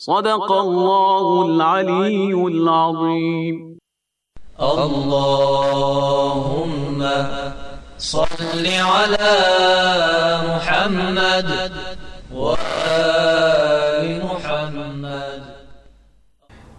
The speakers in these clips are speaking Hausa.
صدق الله العلي العظيم اللهم صل على محمد وآل محمد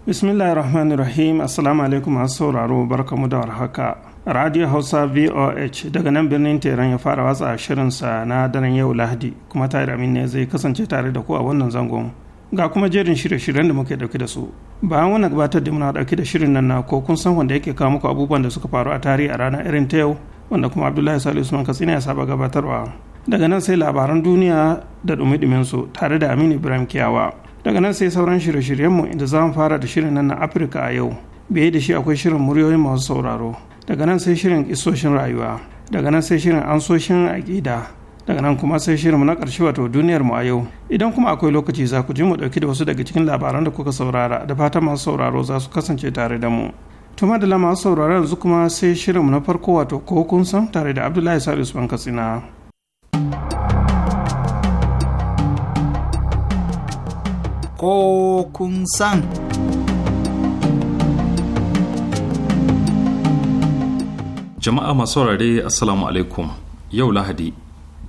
bismillahir rahmanir rahim assalamu alaikum masu sauraro barkamu da warhaka radiyo hausa voh daga nan birnin teran ya fara watsa shirinsa na daren yau lahadi kuma tare da ne zai kasance tare da ku a wannan zangon ga kuma jerin shirye-shiryen da muke dauke da su bayan wannan gabatar da muna dauke da shirin nan na ko kun san wanda yake kawo muku abubuwan da suka faru a tarihi a ranar irin ta yau wanda kuma abdullahi salisu usman katsina ya saba gabatarwa daga nan sai labaran duniya da dumi su tare da aminu ibrahim kiyawa daga nan sai sauran shirye shiryen mu inda za mu fara da shirin nan na afirka a yau biye da shi akwai shirin muryoyin masu sauraro daga nan sai shirin isoshin rayuwa daga nan sai shirin ansoshin aƙida daga nan kuma sai shirinmu na ƙarshe wato duniyar mu a yau idan kuma akwai lokaci za ku ji mu ɗauki da wasu daga cikin labaran da kuka saurara da fatan masu sauraro za su kasance tare da mu tuma da lama sauraro yanzu kuma sai shirinmu na farko wato ko kun san tare da abdullahi salisu usman katsina ko kun san jama'a masu saurare assalamu alaikum yau lahadi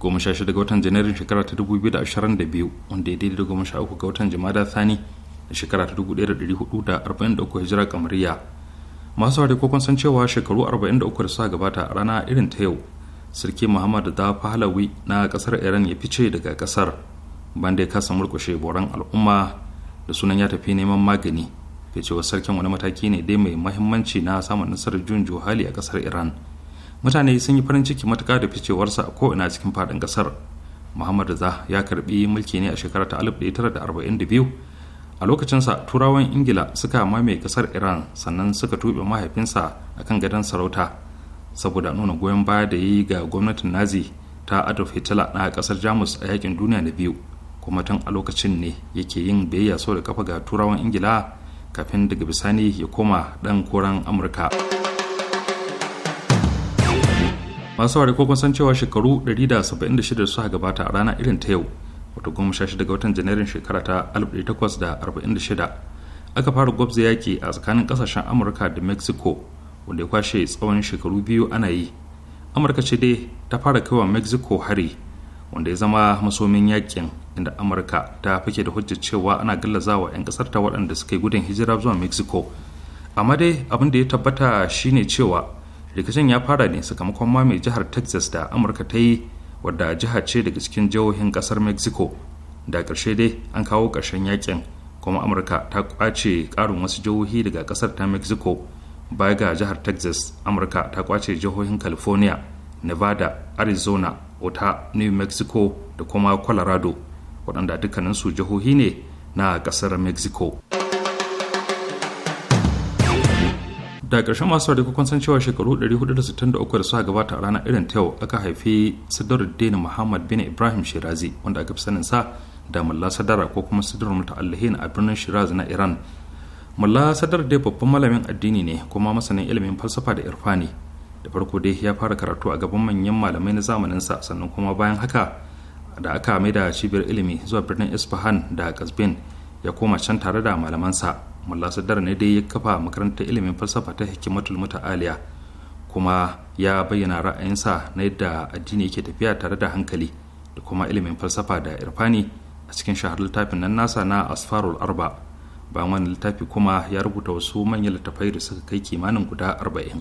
goma sha shida ga watan janairun shekara ta dubu biyu da ashirin da biyu wanda ya daidai da goma sha uku ga watan jama'a sani da shekara ta dubu ɗaya da ɗari hudu da arba'in da uku hijira kamariya masu saurari ko san cewa shekaru arba'in da uku da suka gabata a rana irin ta yau sarki muhammad da pahlawi na kasar iran ya fice daga kasar banda ya kasa murkushe boran al'umma da sunan ya tafi neman magani wa sarkin wani mataki ne dai mai mahimmanci na samun nasarar jun juhali a kasar iran mutane sun yi farin ciki matuka da ficewarsa a ko'ina cikin fadin ƙasar muhammad za ya karbi mulki ne a shekara ta 1942 a lokacinsa turawan ingila suka mamaye kasar iran sannan suka tuɓe mahaifinsa a kan gadon sarauta saboda nuna goyon baya da yi ga gwamnatin nazi ta adolf hitler na kasar jamus a yakin duniya na biyu kuma tun a lokacin ne yake yin biyayya so da kafa ga turawan ingila kafin daga bisani ya koma ɗan koran amurka. masu saurari ko san cewa shekaru 176 suka gabata a rana irin ta yau wato 16 ga watan janairun shekara ta 1846 aka fara gwabza yaki a tsakanin kasashen amurka da mexico wanda ya kwashe tsawon shekaru biyu ana yi amurka ce dai ta fara kaiwa mexico hari wanda ya zama masomin yakin inda amurka ta fake da hujjar cewa ana gallazawa 'yan kasar ta waɗanda suka yi gudun hijira zuwa mexico amma dai abin da ya tabbata shine cewa rikicin ya fara ne sakamakon mamaye jihar texas da amurka ta yi wadda jiha ce daga cikin jihohin kasar mexico da ƙarshe dai an kawo ƙarshen yakin kuma amurka ta kwace ƙarin wasu jihohi daga ƙasar ta mexico baya ga jihar texas amurka ta kwace jihohin california nevada arizona utah new mexico da kuma colorado waɗanda dukkaninsu jihohi ne na ƙasar mexico da ƙarshen masu sauri kun san cewa shekaru 463 da suka gabata a ranar irin ta yau aka haifi sadaruddin muhammad bin ibrahim shirazi wanda aka fi sanin sa da mulla sadara ko kuma sadar muta'allihin a birnin shirazi na iran mulla sadar dai babban malamin addini ne kuma masanin ilimin falsafa da irfani da farko dai ya fara karatu a gaban manyan malamai na zamanin sa sannan kuma bayan haka da aka mai da cibiyar ilimi zuwa birnin isfahan da kasbin ya koma can tare da malamansa mulla sadar ne dai ya kafa makarantar ilimin falsafa ta hikimatul muta'aliya kuma ya bayyana ra'ayinsa na yadda addini yake tafiya tare da hankali da kuma ilimin falsafa da irfani a cikin shahar littafin nan nasa na asfarul arba bayan wani littafi kuma ya rubuta wasu manyan littafai da suka kai kimanin guda arba'in.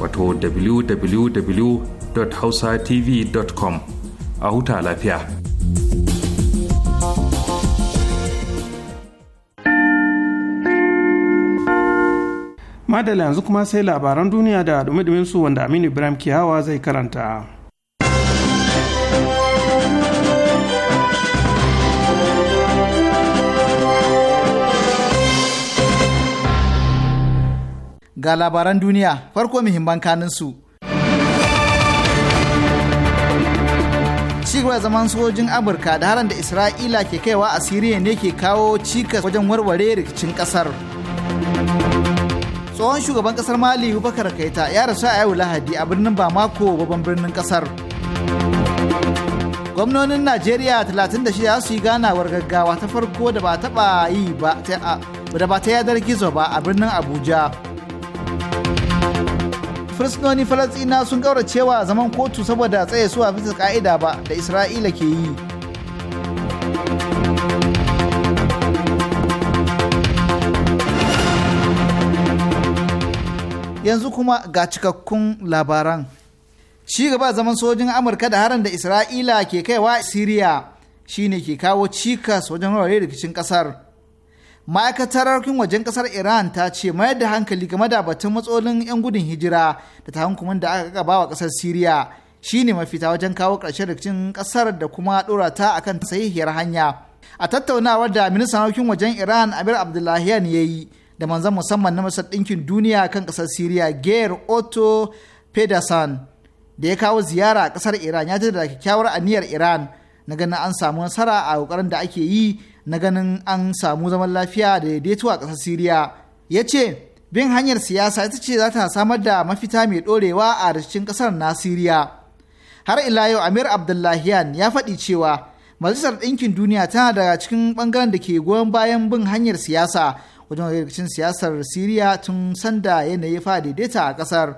wato www.hausatv.com a huta lafiya. Madala yanzu kuma sai labaran duniya da dumi su wanda Aminu Ibrahim Kiyawa zai karanta. ga labaran duniya farko muhimman kaninsu. cigaba zaman sojin amurka da haran da isra'ila ke kaiwa a siriya ne ke kawo cikas wajen warware rikicin kasar tsohon shugaban kasar mali bakar kaita ya rasu a yau lahadi a birnin bamako babban birnin kasar gwamnonin najeriya 36 su yi ganawar gaggawa ta farko da ba taba yi ba da ba ta yadar gizo ba a birnin abuja fursunoni falastina sun gaura cewa zaman kotu saboda tsaye su a bisa ka'ida ba da isra'ila ke yi yanzu kuma ga cikakkun labaran ci gaba zaman sojin amurka da harin da isra'ila ke kaiwa Syria, shine ke kawo cikas wajen rikicin kasar. ma'aikatar harkokin wajen kasar iran ta ce mayar da hankali game da batun matsalolin 'yan gudun hijira da ta takunkumin da aka gaba wa kasar siriya shine mafita wajen kawo ƙarshen rikicin kasar da kuma ɗora ta akan sahihiyar hanya a tattaunawar da ministan harkokin wajen iran amir abdullahian ya yi da manzan musamman na masar ɗinkin duniya kan kasar siriya ger otto pedersen da ya kawo ziyara a ƙasar iran ya da kyakkyawar aniyar iran na ganin an samu nasara a kokarin da ake yi na ganin an samu zaman lafiya da daidaito a ƙasar Siriya. Ya ce, bin hanyar siyasa ita ce za ta samar da mafita mai ɗorewa a rikicin ƙasar na Siriya. Har ila yau Amir Abdullahiyan ya faɗi cewa Majalisar Ɗinkin Duniya tana daga cikin ɓangaren da ke goyon bayan bin hanyar siyasa wajen rikicin siyasar Siriya tun sanda yanayi fa daidaita a ƙasar.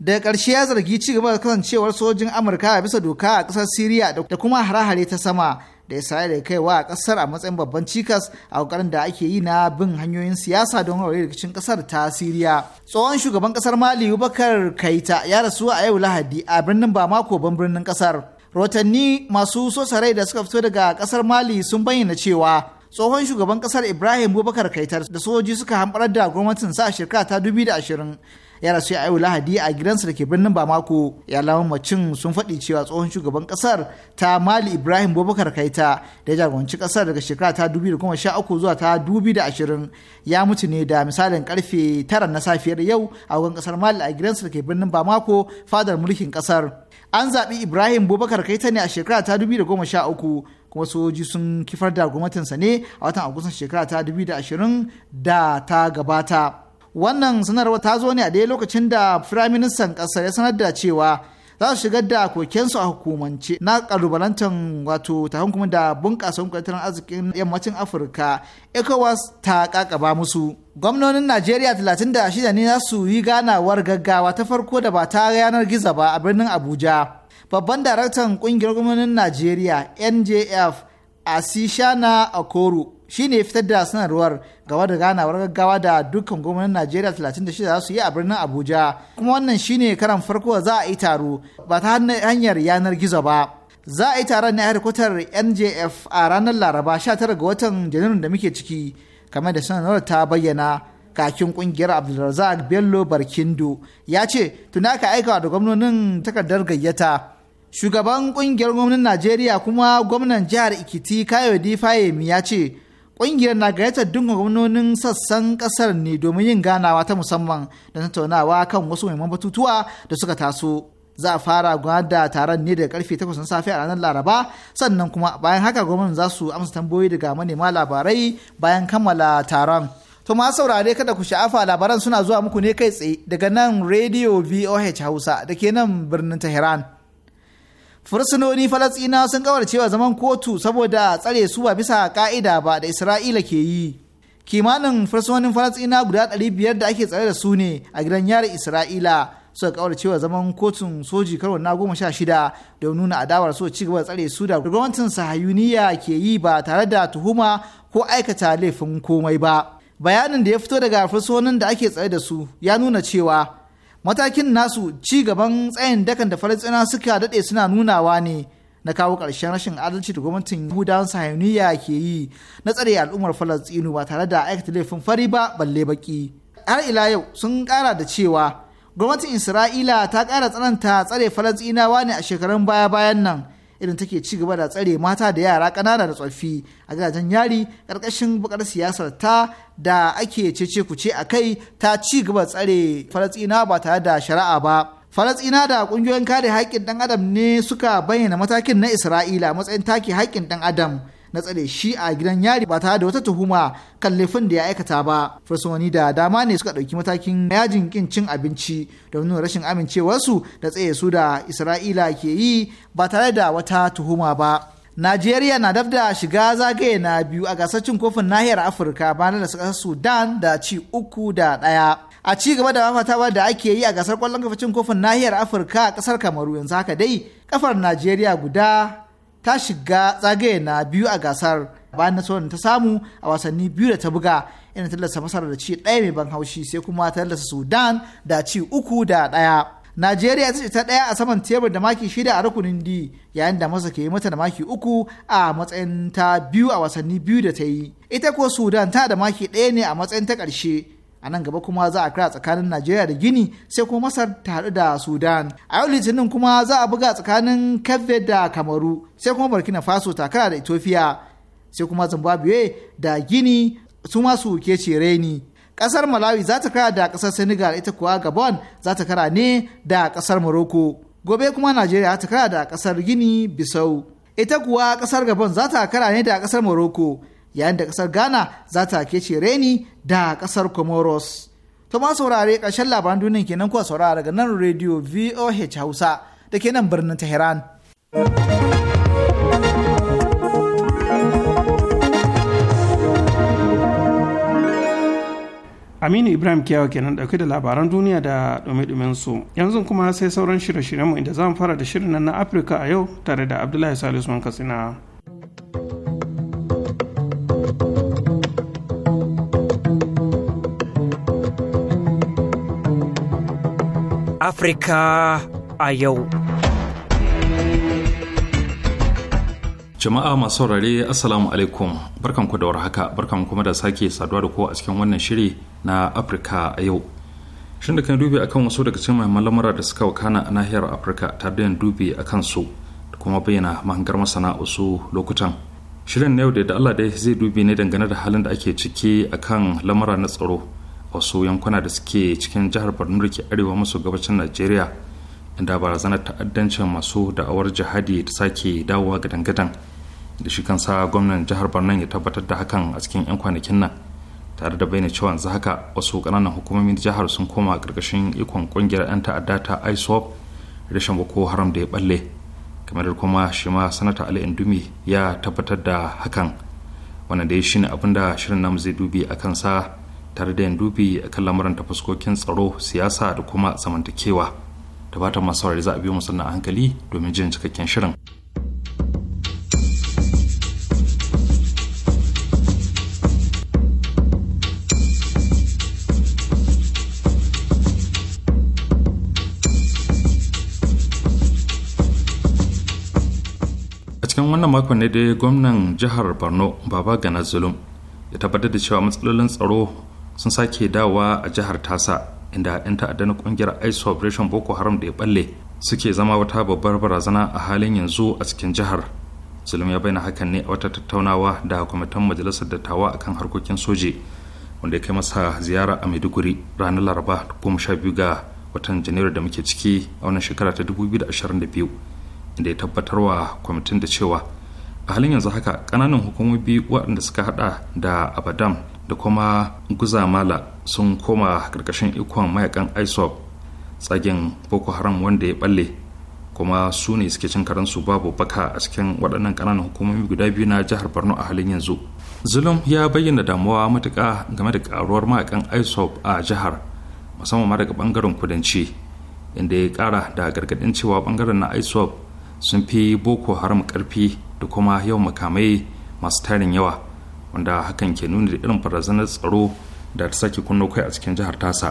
daga ƙarshe ya zargi ci gaba da kasancewar sojin amurka a bisa doka a ƙasar siriya da kuma hare-hare ta sama da ya isra'ila da kaiwa a kasar a matsayin babban cikas a kokarin da ake yi na bin hanyoyin siyasa don warware rikicin kasar ta siriya tsohon shugaban kasar mali bakar kaita ya rasu a yau lahadi a birnin bamako ban birnin kasar rotanni masu sosa rai da suka fito daga kasar mali sun bayyana cewa tsohon shugaban kasar ibrahim bubakar kaitar da sojoji suka hamɓarar da gwamnatin sa a shirka ta ashirin. ya rasu ya ayu lahadi a gidansa da ke birnin bamako iyalan macin sun faɗi cewa tsohon shugaban ƙasar ta mali ibrahim bobakar kaita da ya jagoranci kasar daga shekara ta uku zuwa ta ashirin ya mutu ne da misalin karfe tara na safiyar yau a wajen ƙasar mali a gidansa da ke birnin bamako fadar mulkin kasar an zaɓi ibrahim bobakar kaita ne a shekara ta uku. kuma sojoji sun kifar da gwamnatinsa ne a watan agustan shekara ta 2020 da ta gabata. wannan sanarwa ta zo ne a ɗaya lokacin da firaministan ƙasar ya sanar da cewa za su shigar da kokensu a hukumance na kalubalantar wato ta hukumar da bunƙasa tattalin arzikin yammacin afirka ecowas ta ƙaƙaba musu gwamnonin najeriya 36 ne za su yi ganawar gaggawa ta farko da ba ta yanar gizo ba a birnin abuja babban daraktan ƙungiyar gwamnonin najeriya njf asishana akoro Shi ne fitar da sanarwar gaba da ganawar gaggawa da dukkan gwamnatin Najeriya 36 za su yi a birnin Abuja kuma wannan shi ne karan farko za a yi taro ba ta hanyar yanar gizo ba za a yi taron ne a NJF a ranar Laraba 19 ga watan Janairun da muke ciki kamar da sanarwar ta bayyana kakin kungiyar Abdulrazak Bello Barkindo ya ce tuna ka aika da gwamnonin takardar gayyata shugaban kungiyar gwamnan Najeriya kuma gwamnan jihar Ikiti Kayode Fayemi ya ce Ƙungiyar na gayyatar dukkan gwamnonin sassan ƙasar ne domin yin ganawa ta musamman da tattaunawa kan wasu muhimman batutuwa da suka taso. Za a fara da taron ne daga karfe 8 na safe a ranar Laraba sannan kuma bayan haka gwamnati za su amsa tambayoyi daga manema labarai bayan kammala taron. To ma saurare kada ku sha'afa labaran suna zuwa muku ne kai tsaye daga nan Radio VOH Hausa da ke nan birnin Tehran. fursunoni falasina sun kawar cewa zaman kotu saboda tsare su ba bisa ka'ida ba da isra'ila ke yi kimanin fursunonin falasina guda 500 da ake tsare da su ne a gidan yari isra'ila suka kawar cewa zaman kotun soji karo na goma sha shida don nuna adawar so ci gaba da tsare su da gwamnatin sahayuniya ke yi ba tare da tuhuma ko aikata laifin komai ba bayanin da ya fito daga fursunonin da ake tsare da su ya nuna cewa matakin nasu ci gaban tsayin dakan da falastina suka daɗe suna nunawa ne na kawo ƙarshen rashin adalci da gwamnatin yahudawan sahiyoniya ke yi na tsare al'ummar falastinu ba tare da aikata laifin fari ba balle baki har ila yau sun ƙara da cewa gwamnatin isra'ila ta ƙara tsananta tsare falastinawa ne a shekarun baya-bayan nan irin take ci gaba da tsare mata da yara ƙanana da tsoffi a gidajen yari ƙarƙashin bakar siyasar ta da ake cece kuce a kai ta ci gaba tsare falastina ba tare da shari'a ba falatsina da ƙungiyoyin kare haƙƙin ɗan adam ne suka bayyana matakin na isra'ila matsayin take haƙƙin ɗan adam na tsare shi a gidan yari ba tare da wata tuhuma kan laifin da ya aikata ba fursunoni da dama ne suka ɗauki matakin yajin kin cin abinci Don nuna rashin amincewarsu da tsaye su da isra'ila ke yi ba tare da wata tuhuma ba Najeriya na dab da shiga zagaye na biyu a gasar cin kofin nahiyar Afirka Bana da suka Sudan da ci uku da ɗaya. a ci gaba da mafatawa da ake yi a gasar kwallon kafa cin kofin nahiyar afirka a kasar kamaru yanzu haka dai kafar najeriya guda ta shiga zagaye na biyu a gasar bayan nasarar ta samu a wasanni biyu da ta buga ina tallasa masar da ci ɗaya mai ban haushi sai kuma ta tallasa sudan da ci uku da ɗaya najeriya ta ce ta ɗaya a saman tebur da maki shida a rukunin d yayin da masa ke mata da maki uku a matsayin ta biyu a wasanni biyu da ta yi ita ko sudan ta da maki ɗaya ne a matsayin ta karshe. a nan gaba kuma za a kira tsakanin najeriya da gini sai kuma masar ta haɗu da sudan a yau litinin kuma za a buga tsakanin kafe da kamaru sai kuma burkina faso takara da ethiopia sai kuma zimbabwe da gini su masu kece reni ƙasar malawi za ta kara da kasar senegal ita kuwa gabon za ta kara ne da kasar morocco gobe kuma najeriya ta kara da kasar gini bisau ita kuwa ƙasar gabon za ta kara ne da kasar morocco yayin da kasar ghana za ta kece reni da kasar comoros to ma saurare ƙarshen labaran duniya kenan kuwa saurara daga nan radio voh hausa da ke nan birnin tehran Aminu Ibrahim Kiyawa kenan dauke da labaran duniya da dome su. Yanzu kuma sai sauran shirye-shiryenmu inda zan fara da shirin nan na Afirka a yau tare da Abdullahi Salisu Katsina. Afirka a yau. Jama'a masu saurare Assalamu alaikum barkanku da warhaka barkan kuma da sake saduwa da kowa a cikin wannan shiri na Afirka a yau. Shin da kan dubi akan wasu daga cikin mahimman lamura da suka wakana a nahiyar Afirka ta da dubi akan su da kuma bayyana mahangar masana wasu lokutan. Shirin na yau da Allah dai zai dubi ne dangane da halin da ake ciki akan lamura na tsaro wasu yankuna da suke cikin jihar borno da ke arewa maso gabacin najeriya inda barazanar ta'addancin masu da'awar jihadi ta sake dawowa ga dangadan da shi kansa gwamnan jihar borno ya tabbatar da hakan a cikin 'yan kwanakin nan tare da bayyana cewa yanzu haka wasu ƙananan hukumomin jihar sun koma ƙarƙashin ikon ƙungiyar 'yan ta'adda ta isop rashin boko haram da ya balle kamar kuma shi ma sanata ali indumi ya tabbatar da hakan wannan dai shi shine abin da shirin namu zai dubi a kansa tare da yin dubi a kan lamuran ta fuskokin tsaro siyasa da kuma zamantakewa da fatan masu saurari za a biyo musamman a hankali domin jin cikakken shirin cikin wannan makon ne dai gwamnan jihar borno baba gana zulum ya tabbatar da cewa matsalolin tsaro sun sake dawowa a jihar tasa inda 'yan ta'adda na kungiyar ice operation boko haram da ya balle suke zama wata babbar barazana a halin yanzu a cikin jihar zulum ya bayyana hakan ne a wata tattaunawa da kwamitin majalisar dattawa akan harkokin soji wanda ya kai masa ziyara a maiduguri ranar laraba goma sha biyu ga watan janairu da muke ciki a wannan shekara ta 2022 inda ya tabbatar wa kwamitin da cewa a halin yanzu haka kananan hukumomi waɗanda suka haɗa da abadam da kuma guzamala sun koma ƙarƙashin ikon mayakan isop tsagen boko haram wanda ya balle kuma su ne suke cin karansu babu baka a cikin waɗannan ƙananan hukumomi guda biyu na jihar borno a halin yanzu zulum ya bayyana damuwa matuƙa game da ƙaruwar mayakan isop a jihar musamman ma daga ɓangaren kudanci inda ya ƙara da gargaɗin cewa ɓangaren na isop sun fi boko haram ƙarfi da kuma yawan makamai masu tarin yawa wanda hakan ke nuni da irin barazanar tsaro da ta sake kunno kai a cikin jihar tasa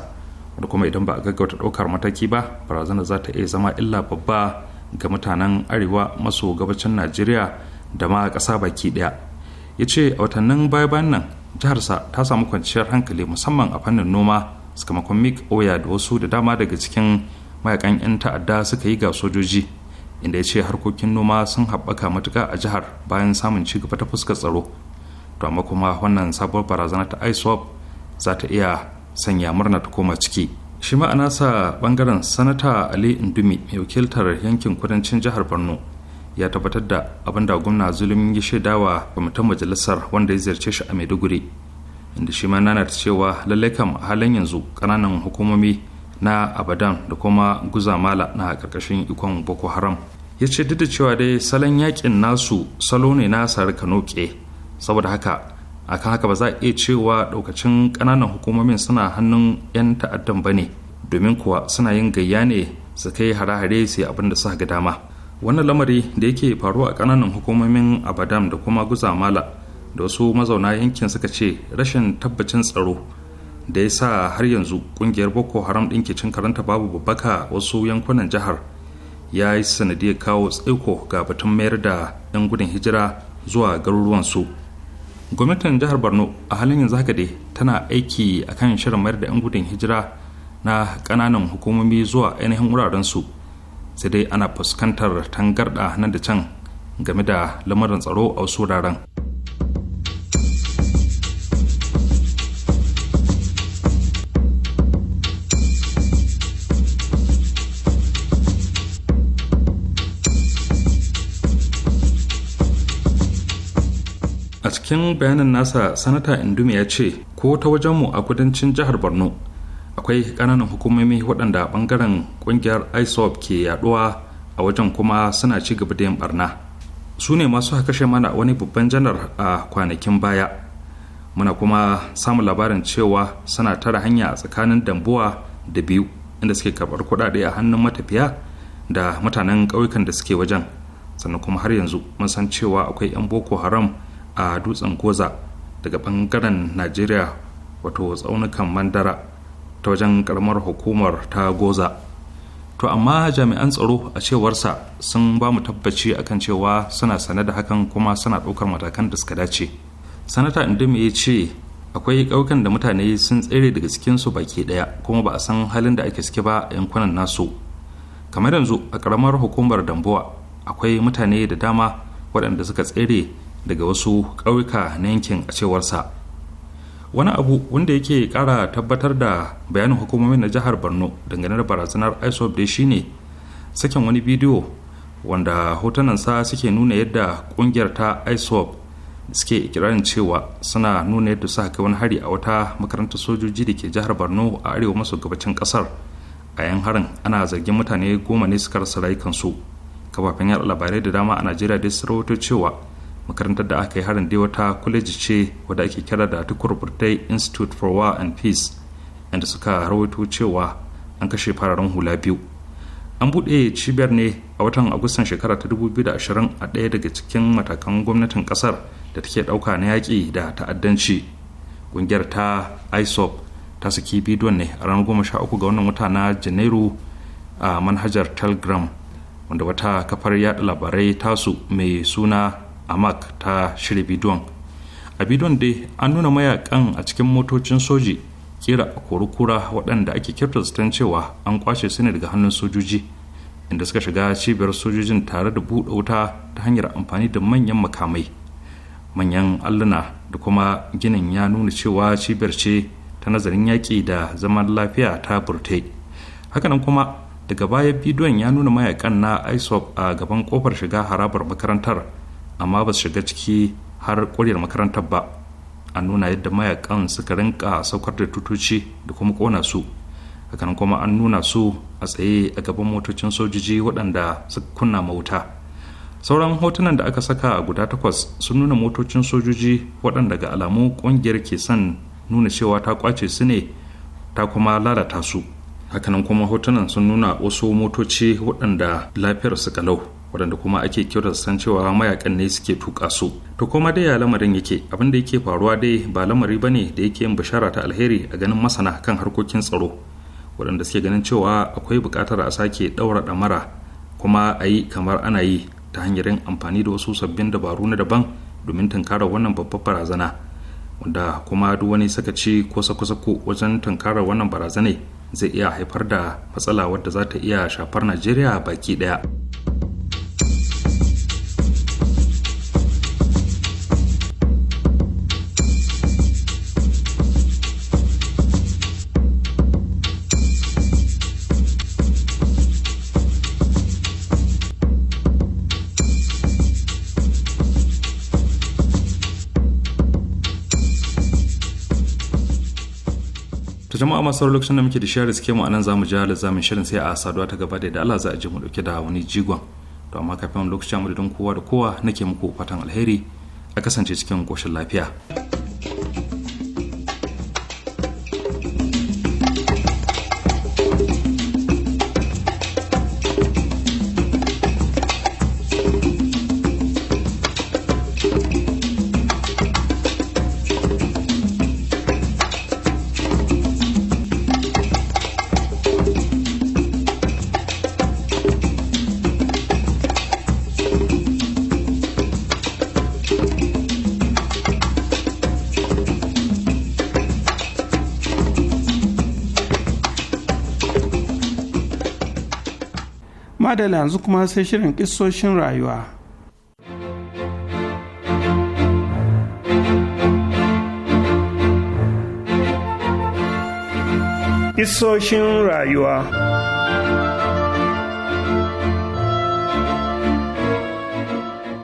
wanda kuma idan ba a gaggauta ɗaukar mataki ba barazanar za ta iya zama illa babba ga mutanen arewa maso gabacin najeriya da ma ƙasa baki ɗaya ya ce a watannin baya bayan nan jiharsa ta samu kwanciyar hankali musamman a fannin noma sakamakon mik oya da wasu da dama daga cikin mayakan 'yan ta'adda suka yi ga sojoji inda ya ce harkokin noma sun haɓaka matuka a jihar bayan samun ci gaba ta fuskar tsaro to amma kuma wannan sabuwar barazana ta ISOP za ta iya sanya murna ta koma ciki shi ma'ana sa bangaren sanata ali indumi mai wakiltar yankin kudancin jihar borno ya tabbatar da abin da gwamna zulum ya shaidawa kwamitin majalisar wanda ya ziyarce shi a maiduguri inda shi ma nana cewa lallai kam a halin yanzu ƙananan hukumomi na abadan da kuma guzamala na ƙarƙashin ikon boko haram ya ce duk da cewa dai salon yakin nasu salo ne na sarkanoke saboda haka akan haka ba za a iya cewa daukacin ƙananan hukumomin suna hannun 'yan ta'addan ba ne domin kuwa suna yin gayya ne su kai hare-hare su abin da suka ga dama wannan lamari da yake faruwa a kananan hukumomin abadam da kuma guzamala da wasu mazauna yankin suka ce rashin tabbacin tsaro da ya sa har yanzu kungiyar boko haram ɗin cin karanta babu babbaka wasu yankunan jihar ya yi sanadiyar kawo tsaiko ga batun mayar da 'yan gudun hijira zuwa garuruwansu gwamnatin jihar borno a halin yanzu haka dai tana aiki akan shirin mayar da 'yan gudun hijira na kananan hukumomi zuwa ainihin wurarensu sai dai ana fuskantar tangarɗa nan da can game da lamarin tsaro a wasu wuraren. cikin bayanin nasa sanata indumi ya ce ko ta wajenmu a kudancin jihar borno akwai ƙananan hukumomi waɗanda ɓangaren ƙungiyar isop ke yaɗuwa a wajen kuma suna ci gaba da yin barna su ne masu kashe mana wani babban janar a kwanakin baya muna kuma samun labarin cewa suna tara hanya a tsakanin dambuwa da biyu inda suke karɓar kuɗaɗe a hannun matafiya da mutanen ƙauyukan da suke wajen sannan kuma har yanzu mun san cewa akwai 'yan boko haram a dutsen goza daga bangaren najeriya wato tsaunukan mandara ta wajen karamar hukumar ta goza to amma jami'an tsaro a cewarsa sun ba mu tabbaci akan cewa suna sane da hakan kuma suna ɗaukar matakan da suka dace sanata indima ya ce akwai ƙaukan da mutane sun tsere daga cikin su baki ɗaya kuma ba a san halin da ake suke ba a yankunan nasu kamar yanzu a karamar hukumar damboa akwai mutane da dama waɗanda suka tsere daga wasu ƙauyuka na yankin a cewarsa wani abu wanda yake ƙara tabbatar da bayanin hukumomin na jihar borno dangane da barazanar isop shi shine sakin wani bidiyo wanda hotunansa suke nuna yadda ƙungiyar ta isop suke ikirarin cewa suna nuna yadda suka kai wani hari a wata makarantar sojoji da ke jihar borno a arewa maso gabacin ƙasar a yan harin ana zargin mutane goma ne suka rasa rayukansu kafafen yaɗa labarai da dama a najeriya dai su cewa makarantar da aka yi harin dai wata kwaleji ce wadda ake kira da tukur rubutai institute for war and peace inda suka rawaito cewa an kashe fararen hula biyu an buɗe cibiyar ne a watan agustan shekara ta 2020 a ɗaya daga cikin matakan gwamnatin ƙasar da take ɗauka na yaƙi da ta'addanci ƙungiyar ta isop ta saki bidiyon ne a ranar 13 ga wannan wata na janairu a manhajar telegram wanda wata kafar yaɗa labarai tasu mai suna a amak ta shirya bidon a bidon dai an nuna mayakan a cikin motocin soji kira kura waɗanda ake kirtastan cewa an kwashe su ne daga hannun sojoji inda suka shiga cibiyar sojojin tare da buɗe wuta ta hanyar amfani da manyan makamai manyan alluna da kuma ginin ya nuna cewa cibiyar ce ta nazarin yaƙi da zaman lafiya ta burte hakanan kuma daga baya bidiyon ya nuna mayakan na isop a gaban kofar shiga harabar makarantar amma ba su shiga ciki har ƙwarewar makarantar ba a nuna yadda mayakan suka rinka saukar da tutoci da kuma ƙona su hakan kuma an nuna su a tsaye a gaban motocin sojoji waɗanda suka kunna mawuta sauran hotunan da aka saka a guda takwas sun nuna motocin sojoji waɗanda ga alamu ƙungiyar ke son nuna cewa ta kwace su ne ta kuma lalata su hakanan kuma hotunan sun nuna wasu motoci waɗanda lafiyar su kalau waɗanda kuma ake san cewa mayakan ne suke tuƙa su to koma dai ya lamarin yake abin da yake faruwa dai ba lamari bane da yake yin bishara ta alheri a ganin masana kan harkokin tsaro waɗanda suke ganin cewa akwai buƙatar a sake ɗaura ɗamara kuma a yi kamar ana yi ta hanyar yin amfani da wasu sabbin dabaru na daban domin tunkarar wannan babbar barazana wanda kuma duk wani ci ko kusa ko wajen tunkarar wannan barazana zai iya haifar da matsala wadda za ta iya shafar najeriya baki ɗaya. to jama'a masu sauran lokacin da muke da shirin suke mu anan za mu ja zamin shirin sai a saduwa ta gaba da da Allah za a je mu dauke da wani jigon to amma kafin lokacin mu da kowa da kowa nake muku fatan alheri a kasance cikin koshin lafiya. adala yanzu kuma sai shirin kisoshin rayuwa Isoshin rayuwa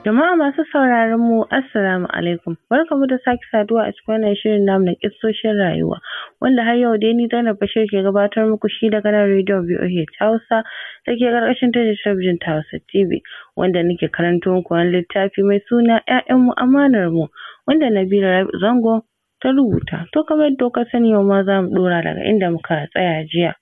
Jama'a masu sauraron mu Assalamu alaikum. Barkamu da sake saduwa a cikin wannan shirin namu na kissoshin rayuwa. wanda har yau dai ni Zainab Bashir ke gabatar muku shi daga nan rediyon VOH Hausa da ke ƙarƙashin tashar talabijin ta Hausa TV wanda nake karanto muku wani littafi mai suna 'ya'yan amanar mu wanda Nabila Zango ta rubuta. To kamar yadda kuka sani yau ma za mu ɗora daga inda muka tsaya jiya.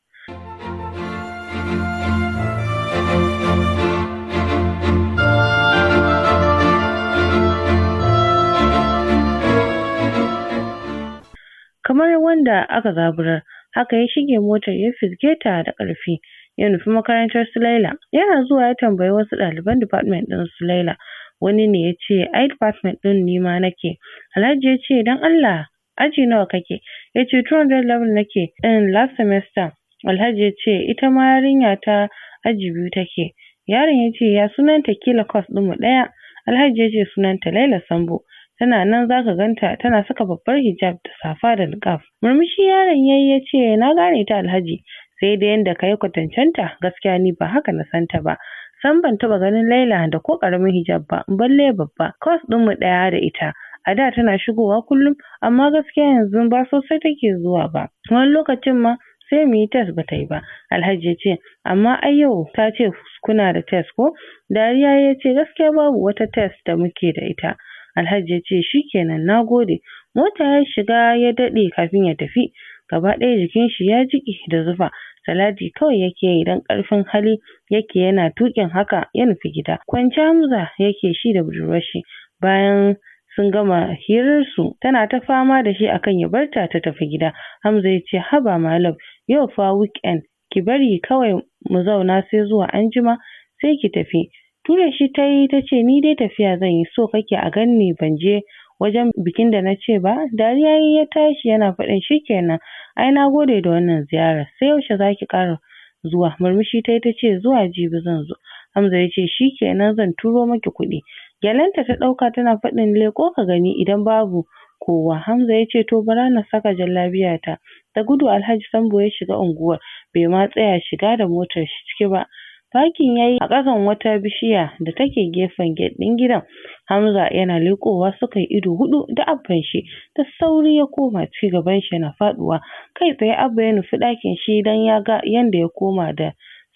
kamar wanda aka zaburar, haka ya shige motar ya fizge da ƙarfi ya nufi makarantar su Laila. Yana zuwa ya tambayi wasu ɗaliban department ɗin su Laila. Wani ne ya ce ai department ɗin ni ma nake. Alhaji ya ce don Allah aji nawa kake? Ya ce 200 level nake in last semester. Alhaji ya ce ita ma yarinya ta aji biyu take. Yaron ya ce ya sunanta kila ɗin ɗinmu ɗaya. Alhaji ya ce sunanta Laila Sambo. tana nan zaka ganta tana saka babbar hijab da safa da niqab murmushi yaron yayi ya ce na gane ta alhaji sai dai yanda kayi kwatancenta gaskiya ni ba haka na santa ba san ban taba ganin Laila da ko karamin hijab ba balle babba kwas din mu daya da ita a da tana shigowa kullum amma gaskiya yanzu ba sosai take zuwa ba wani lokacin ma sai mu yi test ba ta yi ba alhaji ya ce amma ai yau ta ce kuna da test ko dariya ya ce gaskiya babu wata test da muke da ita Alhaji ya ce shikenan na gode. Mota ya shiga ya daɗe kafin ya tafi. Gaba ɗaya jikin shi ya jiƙe da zufa. Salati kawai yake yi don ƙarfin hali yake yana tuƙin haka ya nufi gida. Kwance Hamza yake shi da budurwar shi bayan sun gama hirarsu tana ta fama da shi akan ya barta ta tafi gida. Hamza ya ce haba malam yau fa weekend ki bari kawai mu zauna sai zuwa anjima sai ki tafi. Tura shi ta yi ta ce ni dai tafiya zan yi so kake a ganni ban je wajen bikin da na ce ba dariya yi ya tashi yana faɗin shikenan ai na gode da wannan ziyarar sai yaushe zaki ƙara zuwa murmushi ta yi ce zuwa jibi zan zo Hamza ya ce kenan, zan turo maki kuɗi gyalenta ta ɗauka tana faɗin leƙo ka gani idan babu kowa Hamza ya ce to bara na saka jallabiya ta da gudu Alhaji Sambo ya shiga unguwar bai ma tsaya shiga da motar shi ciki ba Fakin yayi a ƙasan wata bishiya da take gefen gate gidan. Hamza yana leƙowa suka yi ido huɗu da abban shi da sauri ya koma ci gaban shi na faɗuwa. Kai tsaye abba ya nufi ɗakin shi don ya ga yanda ya koma da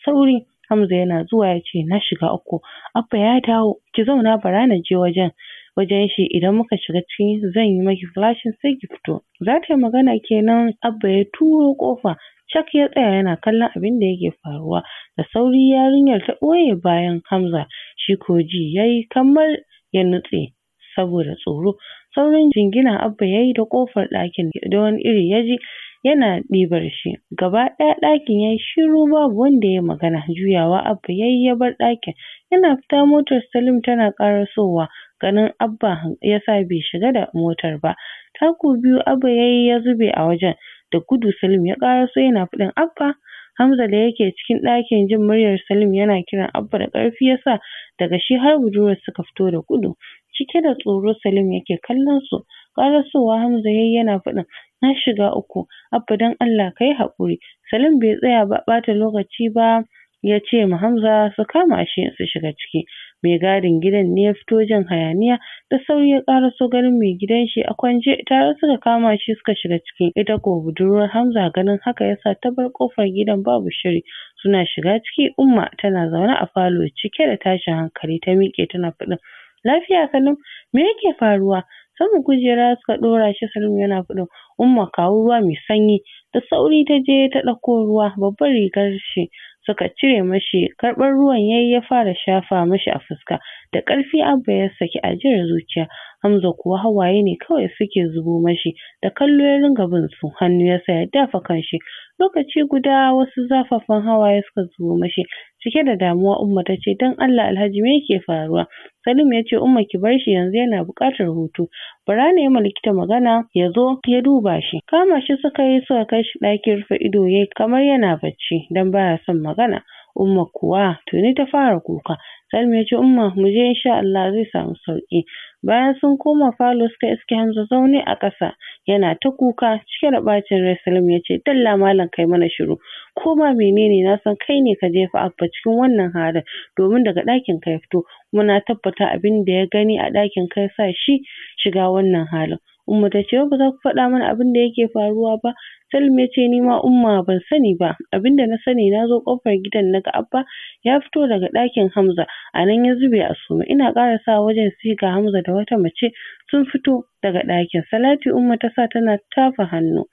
sauri. Hamza yana zuwa ya ce na shiga uku. Abba ya dawo ki zauna bara na je wajen. wajen shi idan muka shiga ciki zan yi maki flashin sai ki fito. Za ta yi magana kenan Abba ya turo ƙofa shak ya tsaya yana kallon abin da yake faruwa. Da sauri yarinyar ta ɓoye bayan Hamza, shi ko ji ya yi kamar ya nutse saboda tsoro. Saurin jingina Abba ya yi da ƙofar ɗakin da wani iri ya ji yana ɗibar shi. Gaba ɗaya ɗakin ya yi shiru babu wanda ya magana. Juyawa Abba ya yi ya bar ɗakin. Yana fita motar Salim tana ƙarasowa. Ganin Abba ya sa bai shiga da motar ba. Taku biyu Abba ya yi ya zube a wajen. Da gudu Salim ya ƙaraso yana faɗin Abba Hamza da yake cikin ɗakin jin muryar Salim yana kiran Abba da ƙarfi yasa, daga shi har budurwar suka fito da gudu. Cike da tsoro Salim yake kallon su. Ƙarasowa Hamza yayi yana faɗin na shiga uku Abba don Allah ka yi haƙuri. Salim bai tsaya ba ɓata lokaci ba ya ce ma Hamza su kama shi su shiga ciki. Mai gadin gidan ne ya fito jin hayaniya da sauri ya ƙaraso ganin mai gidan shi a kwance tare suka kama shi suka shiga cikin Ita kuwa budurwar Hamza ganin haka yasa ta bar ƙofar gidan babu shiri. Suna shiga ciki Umma tana zaune a falo cike da tashin hankali ta miƙe tana faɗin lafiya Salim me yake faruwa? Samun kujera suka ɗora shi Salim yana faɗin Umma kawo ruwa mai sanyi da sauri ta je ta ɗauko ruwa babbar rigar shi suka cire mashi karɓar ruwan yayi ya fara shafa mashi a fuska da ƙarfi Abba ya saki ajiyar zuciya Hamza kuwa hawaye ne kawai suke zubo mashi da kallo ya ringa bin su hannu ya saya ya dafa kanshi lokaci guda wasu zafafan hawaye suka zubo mashi cike da damuwa Umma ta ce dan Allah Alhaji me yake faruwa Salim ya ce Umma ki bar shi yanzu yana buƙatar hutu bara na yi ma likita magana ya zo ya duba shi kama shi suka yi suka kai shi ɗakin rufe ido yayi kamar yana bacci dan baya son magana Umma kuwa tuni ta fara kuka Salim ya ce Umma mu je insha Allah zai samu sauƙi Bayan sun koma falo suka iske Hamza zaune a ƙasa yana ta kuka cike da ɓacin rai Salim ya ce dalla malam kai mana shiru Koma menene na san kai ne ka jefa Abba cikin wannan halin domin daga ɗakin ka ya fito kuma na tabbata abin da ya gani a ɗakin ka ya sa shi shiga wannan halin. Umma ta ce ba za ku faɗa mana abin da yake faruwa ba. Salim ya ce ni ma Umma ban sani ba. Abin da na sani na zo ƙofar gidan naga Abba ya fito daga ɗakin Hamza. A nan ya zube a suma. Ina ƙara sa wajen sai ga Hamza da wata mace sun fito daga ɗakin. Salatu Umma ta sa tana tafa hannu.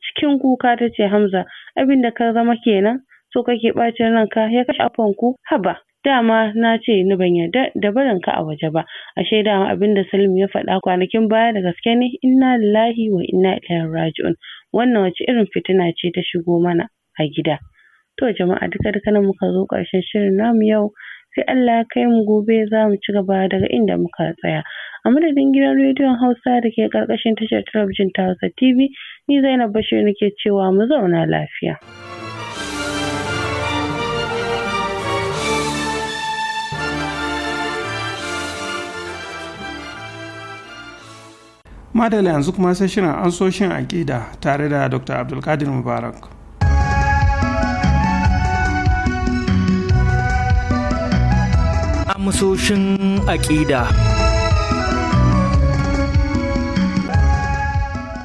Cikin kuka ta ce Hamza abin da ka zama kenan. So kake ɓacin ranka ya kashe ku haba. dama na ce ni ban yarda da barin ka a waje ba ashe dama abinda Salim ya faɗa kwanakin baya da gaske ne inna lillahi wa inna ilaihi raji'un wannan wace irin fitina ce ta shigo mana a gida to jama'a duka duka nan muka zo ƙarshen shirin namu yau sai Allah ya kai mu gobe za mu ci gaba daga inda muka tsaya a madadin gidan rediyon Hausa da ke ƙarƙashin tashar talabijin ta Hausa TV ni Zainab Bashir nake cewa mu zauna lafiya. madalla yanzu kuma sai shirin an so shin aƙida tare da dr abdulkadir mubarak amsoshin aƙida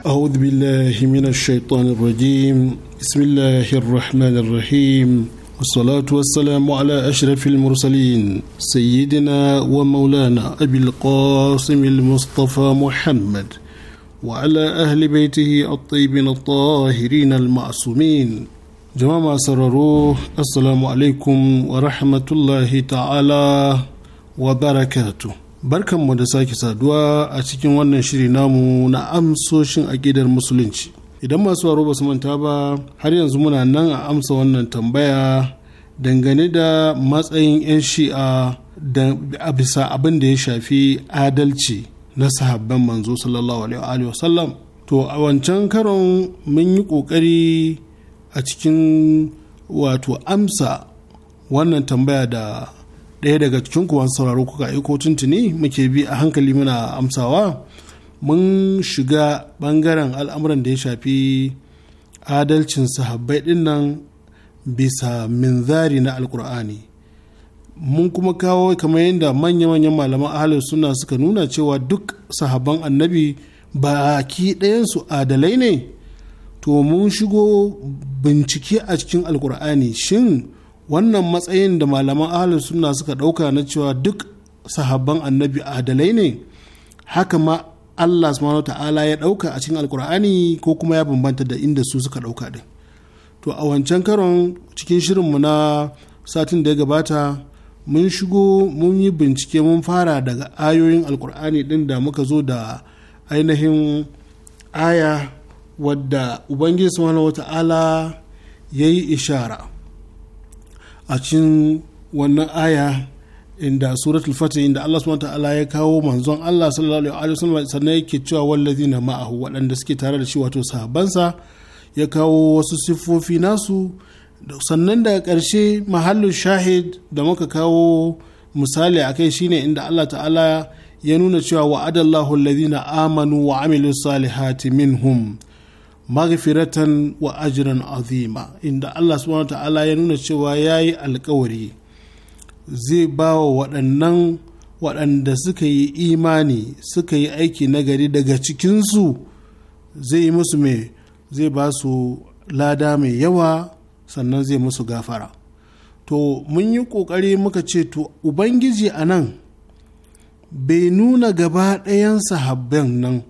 أعوذ بالله من الشيطان الرجيم بسم الله الرحمن الرحيم والصلاة والسلام على أشرف المرسلين سيدنا ومولانا أبي القاسم المصطفى محمد وعلى أهل بيته الطيبين الطاهرين المعصومين جماعة سرروا السلام عليكم ورحمة الله تعالى وبركاته barkanmu da sake saduwa a cikin wannan shiri namu na amsoshin akidar musulunci idan masu waro ba su manta ba har yanzu muna nan a amsa wannan tambaya dangane da matsayin 'yan shi'a a bisa abin da ya shafi adalci na sahabban manzo sallallahu alaihi wa sallam. to a wancan karon mun yi kokari a cikin wato amsa wannan tambaya da ɗaya daga cikin kuwan sauraro kuka aiko tuntuni muke bi a hankali muna amsawa mun shiga bangaren al'amuran da ya shafi adalcin sahabbai din nan bisa minzari na alkur'ani mun kuma kawo kamar yadda manya-manyan malaman ahalar suna suka nuna cewa duk sahabban annabi baki ɗayansu adalai ne to mun shigo bincike a cikin alkur'ani shin wannan matsayin da malaman ahalar suna suka ɗauka na cewa duk sahabban annabi adalai ne haka ma Allah subhanahu ta'ala ya ɗauka a cikin alkur'ani ko kuma ya bambanta da inda su suka ɗauka din to a wancan karon cikin shirin mu na satin da ya gabata mun shigo mun yi bincike mun fara daga ayoyin alkur'ani ɗin da muka zo da ainihin aya wadda ubangiji subhanahu ta'ala ya yi ishara a cikin wannan aya inda suratul fatih inda Allah subhanahu ta'ala ya kawo manzon Allah sallallahu alaihi wasallam sannan yake cewa wallazina ma'ahu waɗanda suke tare da shi wato sahabbansa ya kawo wasu siffofi nasu sannan daga ƙarshe mahallin shahid da muka kawo misali a kai shine inda Allah ta'ala ya nuna cewa wa'adallahu alladhina amanu wa amilu salihati minhum maghfiratan wa ajran azima inda Allah subhanahu ta'ala ya nuna cewa yayi alƙawari zai ba wa waɗannan waɗanda suka yi imani suka yi aiki nagari daga cikinsu zai yi musu mai zai ba su lada mai yawa sannan zai musu gafara to mun yi ƙoƙari muka ce to ubangiji a nan bai nuna gaba ɗayansa sahabban nan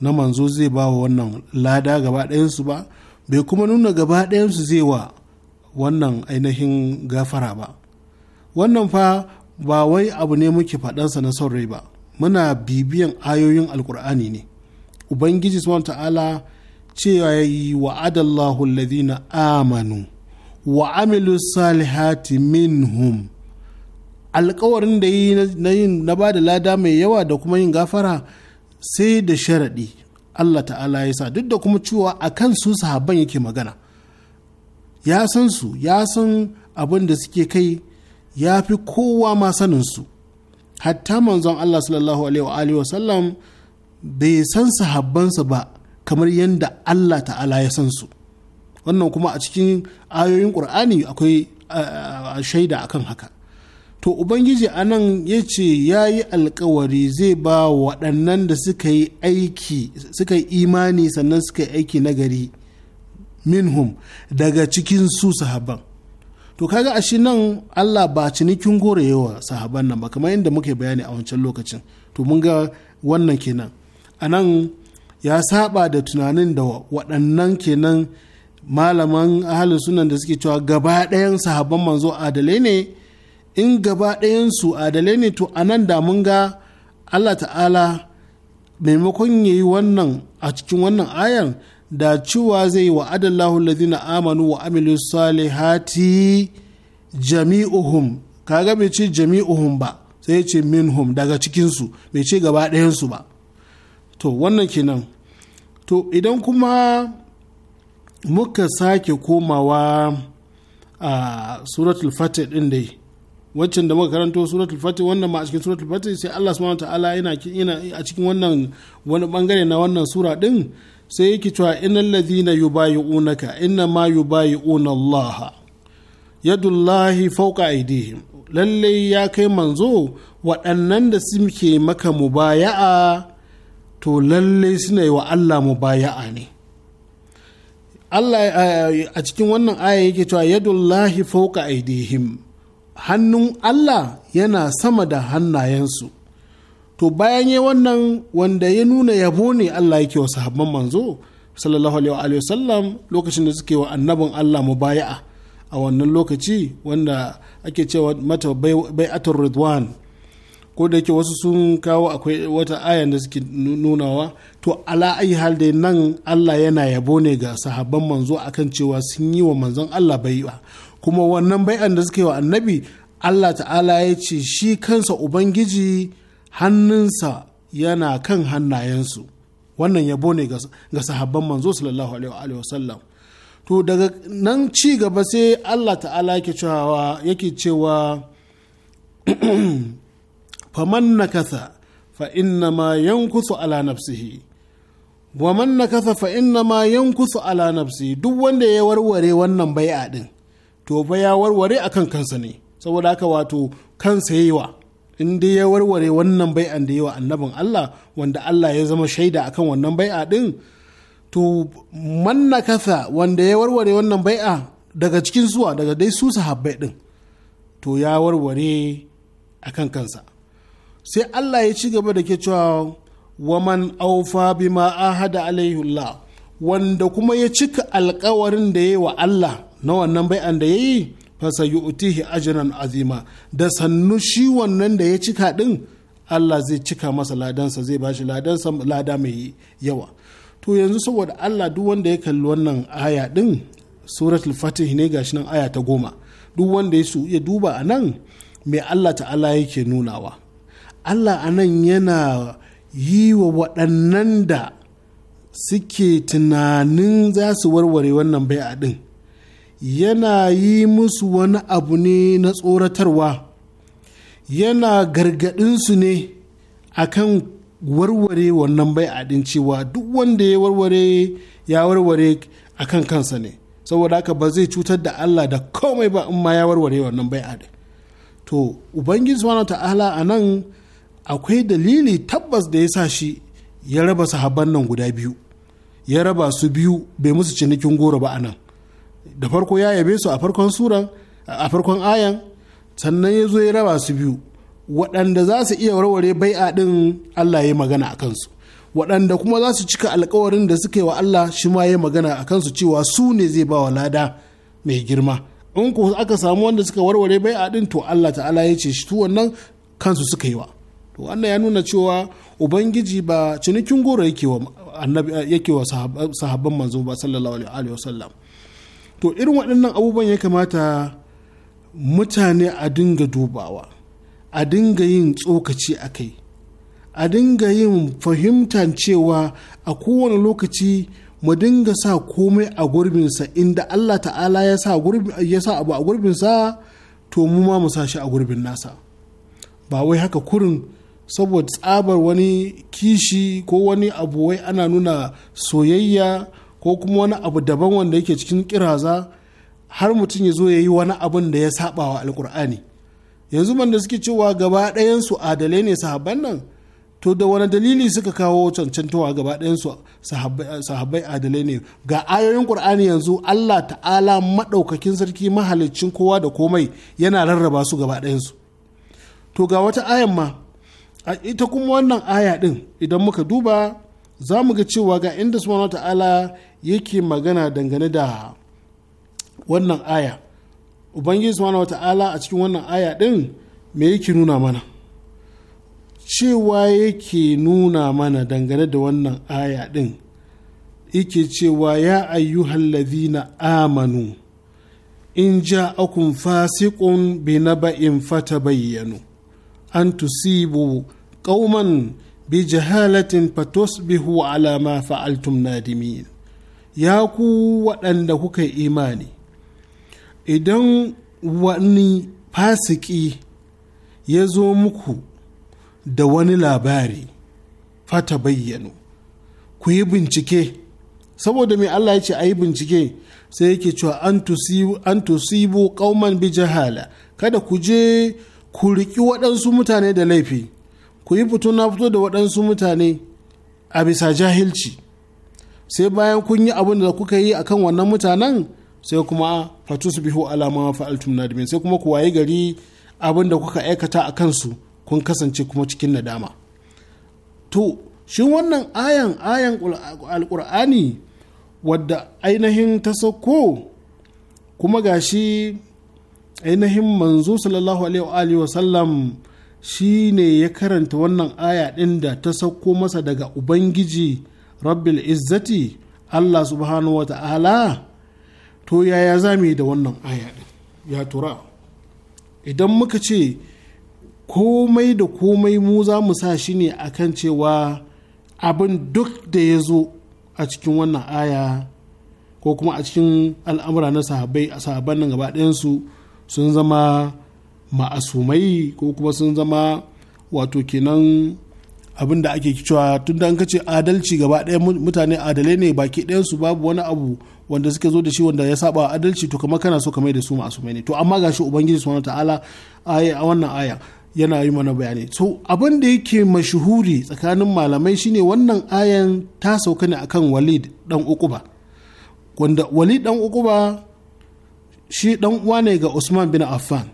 na manzo zai ba wa wannan lada gaba ɗayansu ba bai kuma nuna gaba ɗayansu zai wa wannan ainihin gafara ba wannan fa ba wai abu ne muke faɗansa na son rai ba muna bibiyan ayoyin alkur'ani ne ubangiji subhanahu ta'ala cewa yi yayi wa'adallahu alladhina amanu wa amilu salihati minhum alkawarin da yi na yin na ba da lada mai yawa da kuma yin gafara sai da sharaɗi Allah ta'ala ya sa duk da kuma cewa a kan su sahabban yake magana ya san su ya san abin da suke kai ya fi kowa ma saninsu hatta manzon Allah sallallahu alaihi wa sallam bai san sahabbansa ba kamar yadda Allah ta'ala ya san su wannan kuma a cikin ayoyin ƙur'ani akwai shaida akan haka to ubangiji anan nan ya ce ya yi alkawari zai ba waɗannan da suka yi aiki suka yi imani sannan suka yi aiki nagari minhum daga cikin su sahabban to kaga a nan Allah ba cinikin gorewa sahaban nan ba kamar yadda muke bayani a wancan lokacin to mun ga wannan kenan a nan ya saba da tunanin da waɗannan kenan malaman ahalin sunan da suke cewa gaba ɗayan sahaban manzo adalai ne in gaba ɗayan adalai ne to a nan da mun ga Allah ta'ala maimakon ya yi wannan a cikin wannan ayan da cewa zai wa adallahu lazina amanu wa amilu salihati jami'uhum kaga bai ce jami'uhum ba sai ce minhum daga cikinsu mai ce gaba ɗayansu ba to wannan kenan to idan kuma muka sake komawa a suratul fatih din dai waccan da muka karanto suratul fatih wannan ma a cikin suratul fatih sai Allah subhanahu wa ta'ala yana a cikin wannan wani bangare na wannan sura din sai yake cewa yi bayi unaka, ina ma yi yubayi'una Allah yadullahi fauka aidihim lalle ya kai manzo waɗannan da ke maka mubaya'a to lalle suna yi wa Allah mubaya'a ne Allah a cikin wannan aya yake cewa yadullahi fauka aidihim hannun Allah yana sama da hannayensu to bayan yi wannan wanda ya nuna yabo ne Allah yake wa sahabban manzo sallallahu alaihi wa sallam lokacin da suke wa annabin Allah mubaya'a a wannan lokaci wanda ake cewa mata bai'atul ridwan ko da yake wasu sun kawo akwai wata ayan da suke nunawa to ala ayi hal dai nan Allah yana yabo ne ga sahabban manzo akan cewa sun yi wa manzon Allah bai'a kuma wannan bai'an da suke wa annabi Allah ta'ala ya ce shi kansa ubangiji hannunsa yana kan hannayensu wannan yabo ne ga sahabban manzo sallallahu alaihi sallam to daga nan ci gaba sai Allah ta'ala yake cewa yake cewa faman nakatha fa inna ma yankusu ala nafsihi wa man nakatha fa inna ma yankusu ala nafsihi duk wanda ya warware wannan bai'a din to ba ya warware akan kansa ne saboda haka wato kansa yayi wa in dai ya warware wannan bai'an da wa annabin Allah wanda Allah ya zama shaida akan wannan bai'a din to manna kasa wanda ya warware wannan bai'a daga cikin zuwa daga dai su sahabbai din to ya warware akan kansa sai Allah ya ci gaba da ke cewa waman aufa bima ahada alaihi Allah wanda kuma ya cika alkawarin da ya yi wa Allah na wannan bai'an da ya yi fasa yu'tihi ajran azima da sannu shi wannan da ya cika din Allah zai cika masa ladansa zai bashi ladansa lada mai yawa to yanzu saboda Allah duk wanda ya kalli wannan aya din suratul fatih ne gashi nan aya ta goma duk wanda ya duba anan nan mai Allah ta'ala yake nunawa Allah anan yana yi wa waɗannan da suke tunanin za su warware wannan bai'a ɗin yana yi musu wani abu ne na tsoratarwa yana gargaɗinsu ne a kan warware wannan bai'adin cewa duk wanda ya warware ya warware a kan kansa ne saboda haka ba zai cutar da Allah da komai ba in ma ya warware wannan bai'adin to ubangiji subhanahu ta'ala a nan akwai dalili tabbas da ya sa shi ya raba sahabban nan guda biyu ya raba su biyu bai musu cinikin goro ba a nan da farko ya yabe su a farkon suran a farkon ayan sannan ya zo ya raba su biyu waɗanda za su iya warware bai'a ɗin Allah ya magana a kansu waɗanda kuma za su cika alkawarin da suka yi wa Allah shi ma ya magana a kansu cewa su ne zai ba wa lada mai girma in ku aka samu wanda suka warware bai'a ɗin to Allah ta'ala ya ce shi wannan kansu suka yi wa to wannan ya nuna cewa ubangiji ba cinikin goro yake wa sahabban manzo ba sallallahu alaihi wa to irin waɗannan abubuwan ya kamata mutane a dinga dubawa a dinga yin tsokaci a kai a dinga yin fahimtar cewa a kowane lokaci mu dinga sa komai a gurbinsa inda Allah ta'ala ya sa abu a gurbinsa to mu ma mu sa shi a gurbin nasa ba wai haka kurin saboda tsabar wani kishi ko wani abu wai ana nuna soyayya ko kuma wani abu daban wanda yake cikin kiraza har mutum ya zo ya yi wani abun da ya saba wa alkur'ani yanzu banda suke cewa gaba ɗayansu adalai ne sahabban nan to da wani dalili suka kawo towa gaba ɗayansu sahabbai adalai ne ga ayoyin ƙur'ani yanzu allah ta'ala maɗaukakin sarki mahalicin kowa da komai yana rarraba su gaba to ga wata ayan ma ita kuma wannan aya ɗin idan muka duba za mu ga cewa ga inda subhanahu ta'ala yake magana dangane da wannan aya ubangiji subhanahu wata'ala a cikin wannan aya din me yake nuna mana cewa yake nuna mana dangane da wannan aya din yake cewa ya na amanu in ja akun ja'akum fasiqun bi fata bayyanu an tusibu kauman bi jahalatin fatusbihu ala ma fa'altum nadimin ya ku waɗanda kuka yi imani idan wani fasiki ya zo muku da wani labari fata bayyano ku yi bincike saboda mai Allah ya ce a yi bincike sai yake cewa an tusibu kauman bi jahala kada ku je ku riƙi waɗansu mutane da laifi ku yi fito na fito da waɗansu mutane a bisa jahilci sai bayan kun yi abin da kuka yi akan wannan mutanen sai kuma bihu alama fa fa'altum nadimin sai kuma ku waye gari abin da kuka aikata a kansu kun kasance kuma cikin nadama to shi wannan ayan ayan alkur'ani wadda ainihin ta sauko kuma gashi ainihin manzo sallallahu alaihi wa sallam shi ne ya karanta wannan aya ɗin da ta sauko masa daga ubangiji rabbil izzati Allah subhanahu wa ta'ala to yaya za mu da wannan aya ya tura idan muka ce komai da komai mu za mu sa shi ne a kan cewa abin duk da ya zo a cikin wannan aya ko kuma a cikin al'amura na sahabai a sahabban nan gaba ɗayansu sun zama ma'asumai ko kuma sun zama wato kenan abin da ake cewa tun da an kace adalci gaba ɗaya mutane adalai ne baki ɗayan su babu wani abu wanda suka zo da shi wanda ya saba adalci to kamar kana so kamar da su masu mai ne to amma gashi ubangiji subhanahu ta'ala aya a wannan aya yana yi mana bayani so abin da yake mashuhuri tsakanin malamai shine wannan ayan ta sauka ne akan walid dan ukuba wanda walid dan ukuba shi dan uwa ne ga usman bin affan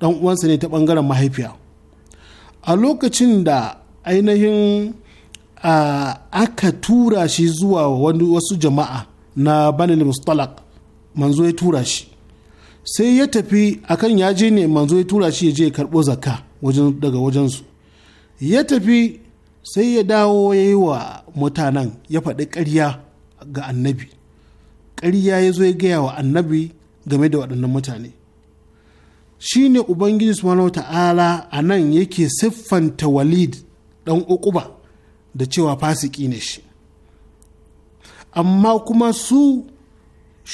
dan uwansa ne ta bangaren mahaifiya a lokacin da ainihin aka tura shi zuwa wasu jama'a na banil mustalak manzo ya tura shi sai ya tafi akan ya ne manzo ya tura shi ya je karbo karɓo zakka daga wajensu ya tafi sai ya dawo ya yi wa mutanen ya faɗi karya ga annabi karya ya zo ya gaya wa annabi game da waɗannan mutane shi ne ubangiji subhanahu ta'ala a nan yake siffanta walid ɗan ukuba da cewa fasiki ne shi amma kuma su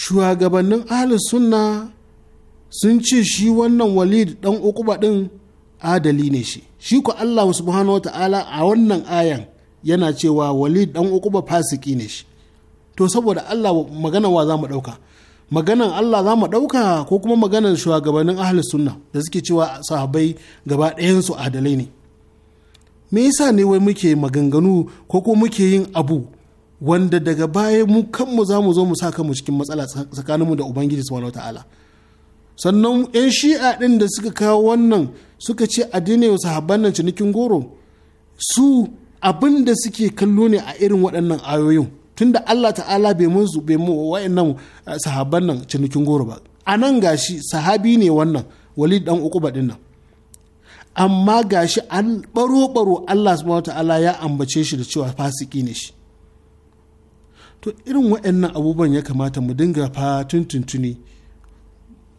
shugabannin ahli sunna sun ce shi wannan walid ɗan ukuba din adali ne shi shi ko Allah subhanahu wata'ala a wannan ayan yana cewa walid ɗan ukuba fasiki ne shi to saboda Allah magana wa za mu ɗauka maganan Allah za mu ɗauka ko kuma maganan shugabannin ahli sunna da suke cewa sahabbai gaba ɗayansu adalai ne me yasa ne wai muke maganganu ko ko muke yin abu wanda daga baya mu kanmu za mu zo mu sa kanmu cikin matsala tsakaninmu da ubangiji subhanahu ta'ala sannan yan shi'a ɗin da suka kawo wannan suka ce addini wa sahabban nan cinikin goro su abin da suke kallo ne a irin waɗannan ayoyin tunda Allah ta'ala bai mun bai mu wa'annan eh, sahabban nan cinikin goro ba a nan gashi sahabi ne wannan walid dan uku din nan amma gashi an baro-baro Allah subhanahu ta'ala ya ambace shi da cewa fasiki ne shi to irin waɗannan abubuwan ya kamata mu dinga fa tuntuntuni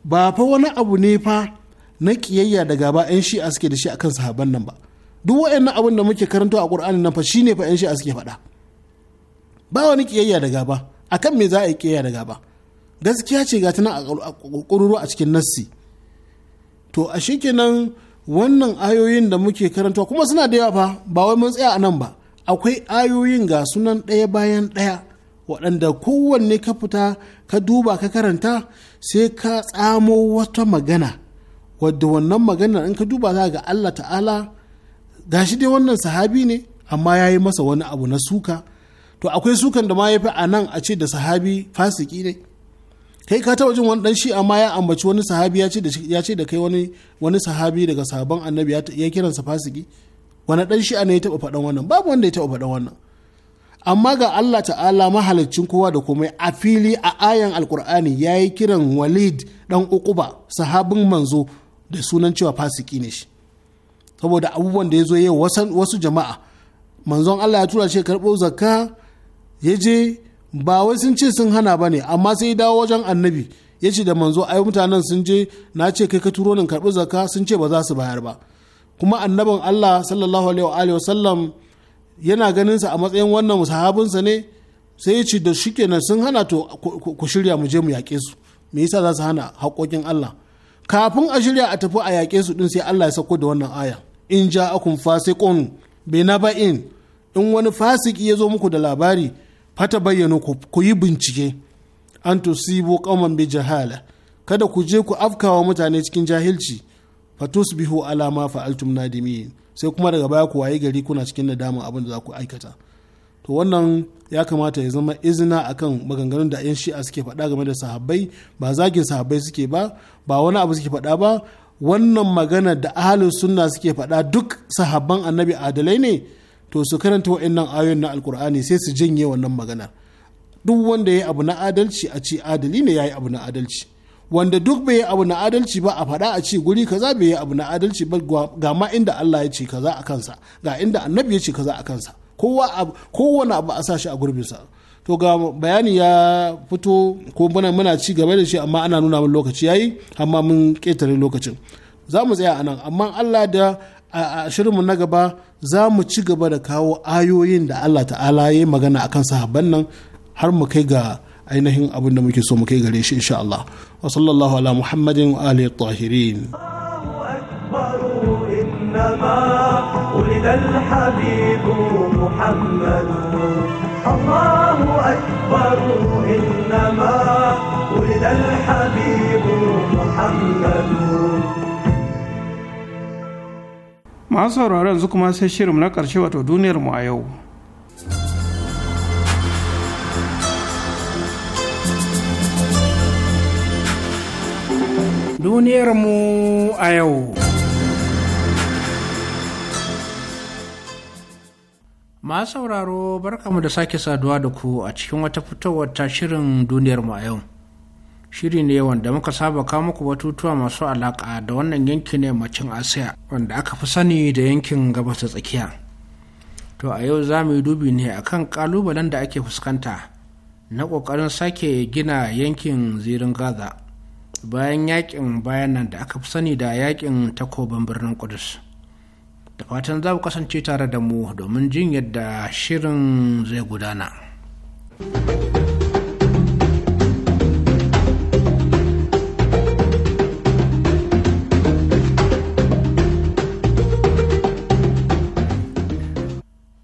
ba fa wani abu ne fa na kiyayya da gaba 'yan shi suke da shi akan sahaban nan ba duk waɗannan abin da muke karanta a ƙur'ani nan fa shine fa 'yan shi suke faɗa ba wani kiyayya da gaba akan me za a yi kiyayya da gaba gaskiya ce ga tana a ƙururu a cikin nassi to a kenan wannan ayoyin da muke karantawa kuma suna da yawa fa ba wai mun tsaya a nan ba akwai ayoyin ga sunan ɗaya bayan ɗaya waɗanda kowanne ka fita ka duba ka karanta sai ka tsamo wata magana wadda wannan magana in ka duba za ga Allah ta'ala gashi dai wannan sahabi ne amma ya yi masa wani abu na suka to akwai sukan da ma ya fi a nan a ce da sahabi fasiki ne kai ka taba jin wani dan shi amma ya ambaci wani sahabi ya ce da kai wani sahabi daga sabon annabi ya kiransa fasiki wani dan shi ne ya taba faɗan wannan babu wanda ya taba faɗan wannan amma ga Allah ta'ala mahaliccin kowa da komai a fili a ayan alkur'ani ya yi kiran walid dan ukuba sahabin manzo da sunan cewa fasiki ne shi saboda abubuwan da ya zo yau wasu jama'a manzon Allah ya tura shi karɓo zakka ya je ba wai sun ce sun hana ba ne amma sai ya dawo wajen annabi ya ce da manzo ai mutanen sun je na ce kai ka turo nin karɓi zakka sun ce ba za su bayar ba kuma annabin Allah sallallahu alaihi wa sallam yana ganin sa a matsayin wannan sahabinsa ne sai ya ce da kenan sun hana to ku shirya mu je mu yaƙe su me yasa za su hana haƙoƙin Allah kafin a shirya a tafi a yaƙe su din sai Allah ya sako da wannan aya in ja'akum fasiqun bi naba'in in wani fasiki ya zo muku da labari fata bayyana ku yi bincike an to tusibo kaman bi jahala kada ku je ku afkawa mutane cikin jahilci fatusbihu alama fa altum nadimin sai kuma daga baya ku waye gari kuna cikin nadama abin da za ku aikata to wannan ya kamata ya zama izina akan maganganun da 'yan shi'a suke faɗa game da sahabbai ba zagin sahabbai suke ba ba wani abu suke faɗa ba wannan magana da ahalin sunna suke faɗa duk sahabban annabi adalai ne to su karanta waɗannan ayoyin na alkur'ani sai su janye wannan magana duk wanda ya yi abu na adalci a ce adali ne ya yi abu na adalci wanda duk bai yi abu na adalci ba a faɗa a ci guri kaza bai yi abu na adalci ba ga ma inda Allah ya ce kaza a kansa ga inda annabi ya ce kaza a kansa kowa kowane abu a sa shi a gurbin sa to ga bayani ya fito ko muna muna ci gaba da shi amma ana nuna min lokaci yayi amma mun ketare lokacin za mu tsaya anan amma Allah da a shirinmu na gaba za mu ci gaba da kawo ayoyin da Allah ta'ala ya yi magana a kan sahabban nan har mu kai ga ainihin abin da muke so mu kai gare shi insha Allah wa sallallahu ala muhammadin wa alihi tahirin الله أكبر إنما ولد الحبيب masu sauraro yanzu kuma sai shirin na ƙarshe wato duniyar mu a yau duniyar mu a yau masu sauraro barkamu da sake saduwa da ku a cikin wata fitowar ta shirin duniyar mu a yau shiri ne wanda muka saba kawo muku batutuwa masu alaƙa da wannan yanki ne yammacin asiya wanda aka fi sani da yankin gabas da tsakiya to a yau za mu yi dubi ne akan kalubalen da ake fuskanta na ƙoƙarin sake gina yankin zirin gaza bayan yakin bayan nan da aka fi sani da yakin takobin birnin kudus da fatan za ku kasance tare da mu domin jin yadda shirin zai gudana.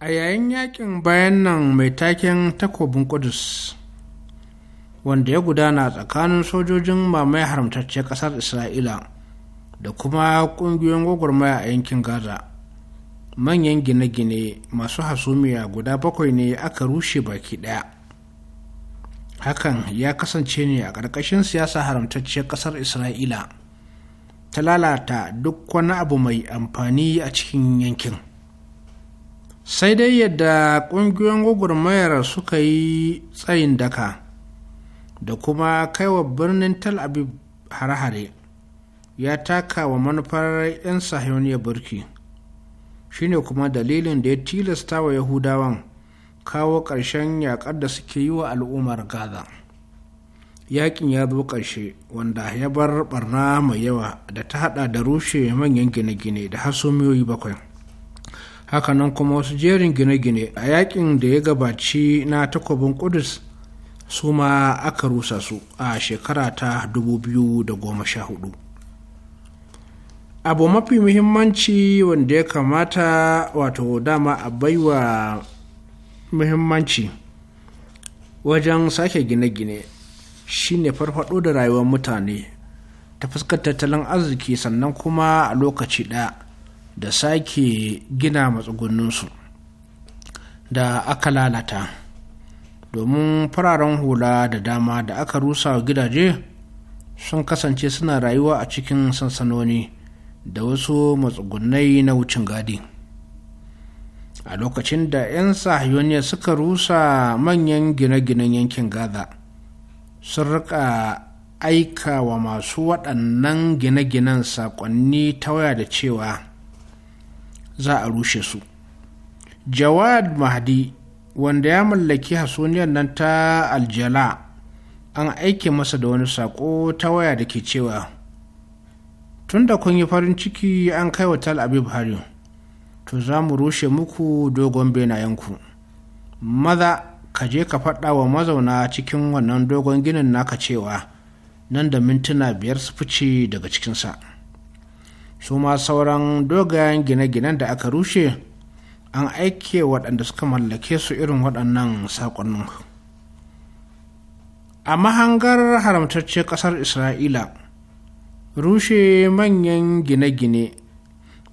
a yayin yakin bayan nan mai taken takobin kudus wanda ya gudana tsakanin sojojin mamaye haramtacce kasar isra'ila da kuma kungiyoyin gwagwarmaya a yankin gaza manyan gine-gine masu hasumiya guda bakwai ne aka rushe baki daya hakan ya kasance ne a ƙarƙashin siyasa haramtacce ƙasar isra'ila ta lalata duk wani abu mai amfani a cikin yankin sai dai yadda ƙungiyoyin gwagwarmayar suka yi tsayin daka da kuma kaiwa birnin tal aviv hare-hare ya taka wa manufar 'yan sahiyoniya burki shine kuma dalilin da ya tilasta wa yahudawan kawo ƙarshen yaƙar da suke yi wa al'ummar gaza yaƙin ya zo ƙarshe wanda ya bar barna mai yawa da ta hada da rushe manyan gine-gine da hasumiyoyi bakwai hakanan kuma wasu jerin gine-gine a yakin da ya gabaci na takobin kudus su ma aka rusa su a shekara ta 2014 abu mafi muhimmanci wanda ya kamata wato dama a baiwa muhimmanci wajen sake gine-gine shine farfado da rayuwar mutane ta fuskar tattalin arziki sannan kuma a lokaci ɗaya da sake gina matsugunninsu da aka lalata domin fararen hula da dama da aka rusa gidaje sun kasance suna rayuwa a cikin sansanoni da wasu matsugunai na wucin gadi a lokacin da 'yan sahiyoniya suka rusa manyan gine-ginen yankin gaza sun rika aika wa masu waɗannan gine-ginen saƙonni ta waya da cewa za a rushe su jawad mahdi wanda ya mallaki hasoniyar nan ta aljala an aike masa da wani sako ta waya da ke cewa tun da kun yi farin ciki an kai wa tal abib hari to za mu rushe muku dogon benayenku maza ka je ka faɗa wa mazauna cikin wannan dogon ginin naka cewa nan da mintuna biyar su fice daga cikinsa su ma sauran dogayen gine-ginen da aka rushe an aike waɗanda suka mallake su irin waɗannan saƙonin. a mahangar haramtacce ƙasar isra'ila rushe manyan gine-gine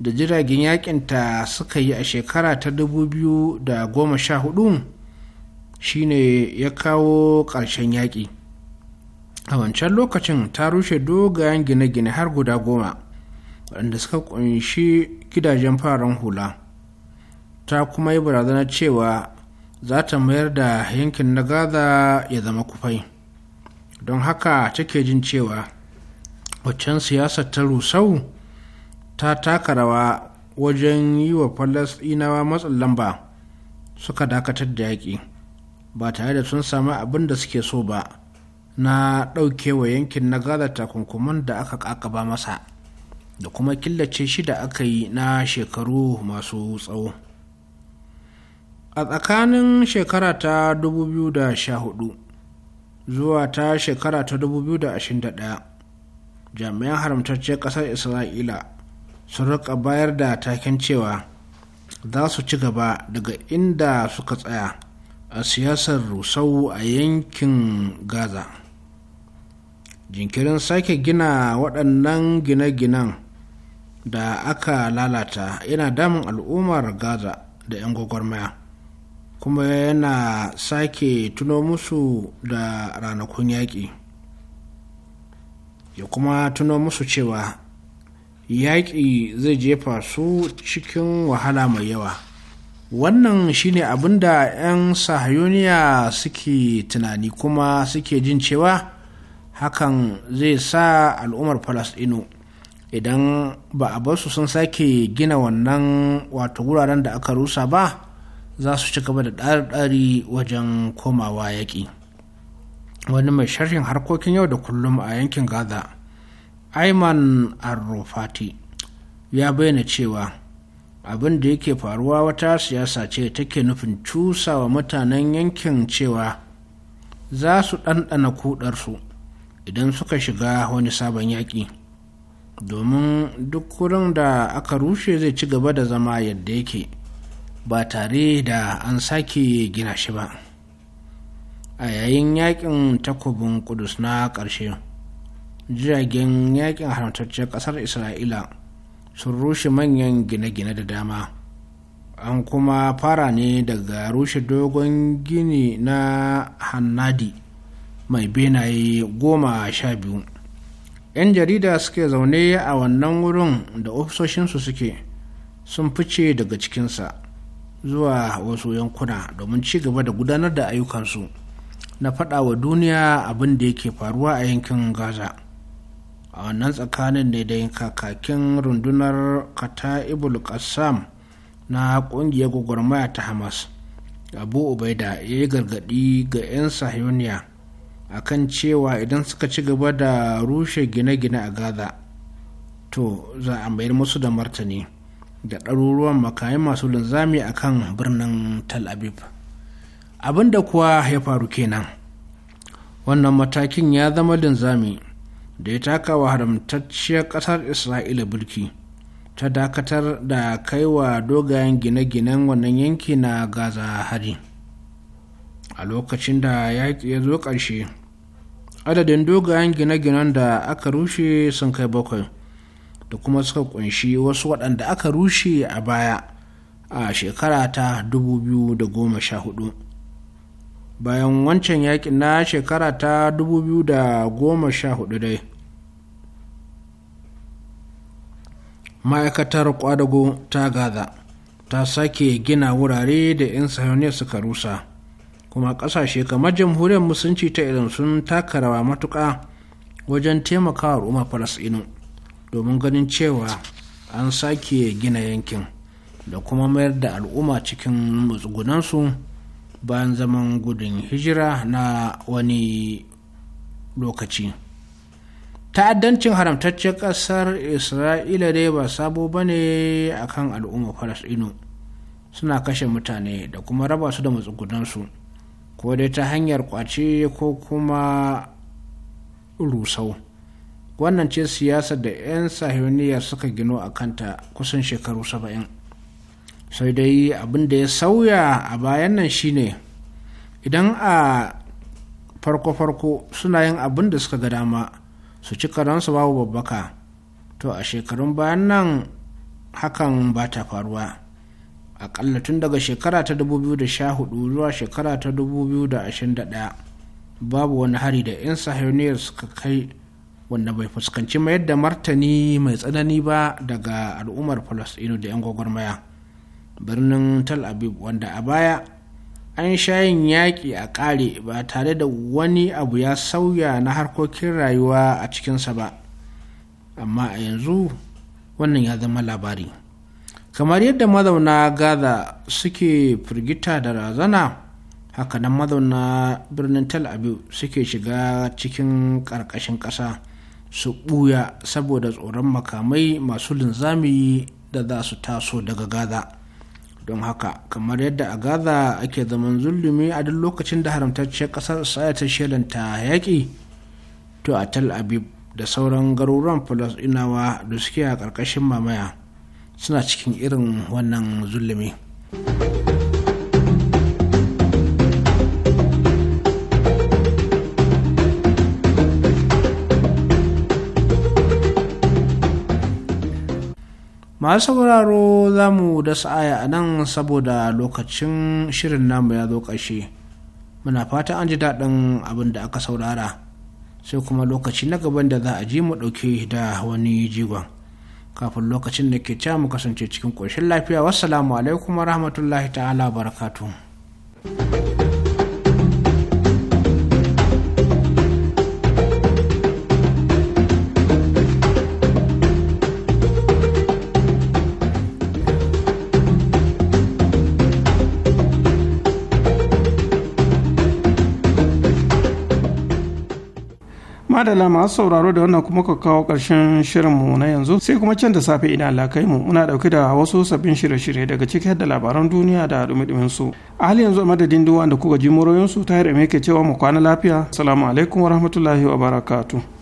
da jiragen yaƙinta suka yi a shekara ta 2014 shine ya kawo ƙarshen yaƙi a wancan lokacin ta rushe dogayen gine-gine har guda goma waɗanda suka ƙunshi gidajen fararen hula ta kuma yi barazana cewa za ta mayar da yankin na gaza ya zama kufai don haka take jin cewa waccan siyasar ta rusau ta taka rawa wajen yi wa falasɗinawa matsin lamba suka dakatar da yaƙi ba tare da sun sami abin da suke so ba na ɗauke wa yankin na gaza takunkuman da aka ƙaƙaba masa da kuma killace shi da aka yi na shekaru masu tsawo a tsakanin shekara ta 2014 zuwa ta shekara ta 2021 jami'an haramtacciyar ƙasar isra'ila sun rika bayar da taken cewa za su ci gaba daga inda suka tsaya a siyasar rusau a yankin gaza jinkirin sake gina waɗannan gine-ginen da aka lalata yana damun al'ummar gaza da 'yan gwagwarmaya kuma yana sake tuno musu da ranakun yaƙi ya kuma tuno musu cewa yaƙi zai jefa su cikin wahala mai yawa wannan shine abin da 'yan sahayoniya suke tunani kuma suke jin cewa hakan zai sa al'ummar falasɗinu idan ba a basu sun sake gina wannan wato wuraren da aka rusa ba za su ci gaba da ɗari-ɗari wajen komawa yaƙi wani mai sharhin harkokin yau da kullum a yankin gaza ayman arrofati ya bayyana cewa abin da yake faruwa wata siyasa ce take nufin cusa wa mutanen yankin cewa za su ɗanɗana kudarsu idan suka shiga wani sabon yaƙi domin duk wurin da aka rushe zai ci gaba da zama yadda yake ba tare da an sake gina shi ba a yayin yakin takobin kudus na ƙarshe jiragen yakin haramtaccen ƙasar isra'ila sun rushe manyan gine-gine da dama an kuma fara ne daga rushe dogon gini na hannadi mai benaye goma sha biyu 'yan jarida suke zaune a wannan wurin da ofisoshinsu suke sun fice daga cikinsa zuwa wasu yankuna domin ci gaba da gudanar da ayyukansu na faɗa wa duniya abin da yake faruwa a yankin gaza a wannan tsakanin ne da kakakin rundunar kata ibul qassam na ƙungiyar gwagwarmaya ta hamas abu ubaida ya yi gargaɗi ga 'yan sahiyoniya A kan cewa idan suka ci gaba da rushe gine-gine a gaza to za a mayar musu da martani da ɗaruruwan makayi masu linzami a kan birnin tel aviv abinda kuwa ya faru kenan wannan matakin ya zama linzami da ya taka wa haramtacciyar ƙasar isra'ila bulki ta dakatar da kaiwa dogayen gine-ginen wannan yanki na gaza hari. a lokacin da yaƙi ya zo ƙarshe adadin dogayen gine-ginen da aka rushe sun kai bakwai da kuma suka kunshi wasu waɗanda aka rushe a baya a shekara ta 2014 bayan wancan yaƙin na shekara ta 2014 dai ma'aikatar kwadago ta gaza ta sake gina wurare da 'yan sahauniya suka rusa kuma ƙasashe kamar jamhuriyar musulunci ta irin sun taka rawa matuƙa wajen taimakawa al'umma falasɗinu domin ganin cewa an sake gina yankin da kuma mayar da al'umma cikin matsugunansu bayan zaman gudun hijira na wani lokaci ta'addancin haramtaccen ƙasar isra'ila dai ba sabo ba ne a kan al'umma falasɗinu suna kashe mutane da kuma raba su da matsugunansu ko dai ta hanyar kwace ko kuma rusau wannan ce siyasar da 'yan sahiyoniyar suka gino a kanta kusan shekaru saba'in sai dai abin da ya sauya a bayan nan shine idan a farko-farko suna yin abin da suka ga dama su ci karansu babu babbaka to a shekarun bayan nan hakan ba ta faruwa akalla tun daga shekara ta 2014 zuwa shekara ta 2021 babu wani hari da 'yan sahiyoniyar suka kai wanda bai fuskanci mayar da martani mai tsanani ba daga al'ummar falasɗinu da 'yan gwagwarmaya birnin Tal Abib, wanda a baya an shayin yaƙi a ƙare ba tare da wani abu ya sauya na harkokin rayuwa a cikinsa ba amma a yanzu wannan ya zama labari. kamar yadda mazauna gaza suke firgita da razana hakanan mazauna birnin tel aviv suke shiga cikin karkashin kasa su buya saboda tsoron makamai masu linzami da za su taso daga gaza don haka kamar yadda a gaza ake zaman zulumi a duk lokacin da haramtacciyar kasar isra'ila ta shelanta yaƙi to a tel aviv da sauran garuruwan inawa da suke a ƙarƙashin mamaya suna cikin irin wannan zulumi. masu sauraro za mu dasa aya a nan saboda lokacin shirin namu ya zo ƙarshe muna fata an ji daɗin abin da aka saurara sai kuma lokaci na gaban da za a ji mu ɗauke da wani jigon kafin lokacin da ke cewa mu kasance cikin ƙoshin lafiya wassalamu alaikum wa rahmatullahi ta'ala barakatu. madala masu sauraro da wannan kuma ka kawo ƙarshen shirinmu na yanzu sai kuma can da safe idan alakai mu muna ɗauke da wasu sabbin shirye-shirye daga ciki da labaran duniya da dumi su a hali yanzu a madadin duk wanda kuka ji murayensu ta yi ke cewa mu kwana lafiya salamu alaikum wa rahmatullahi wa barakatu.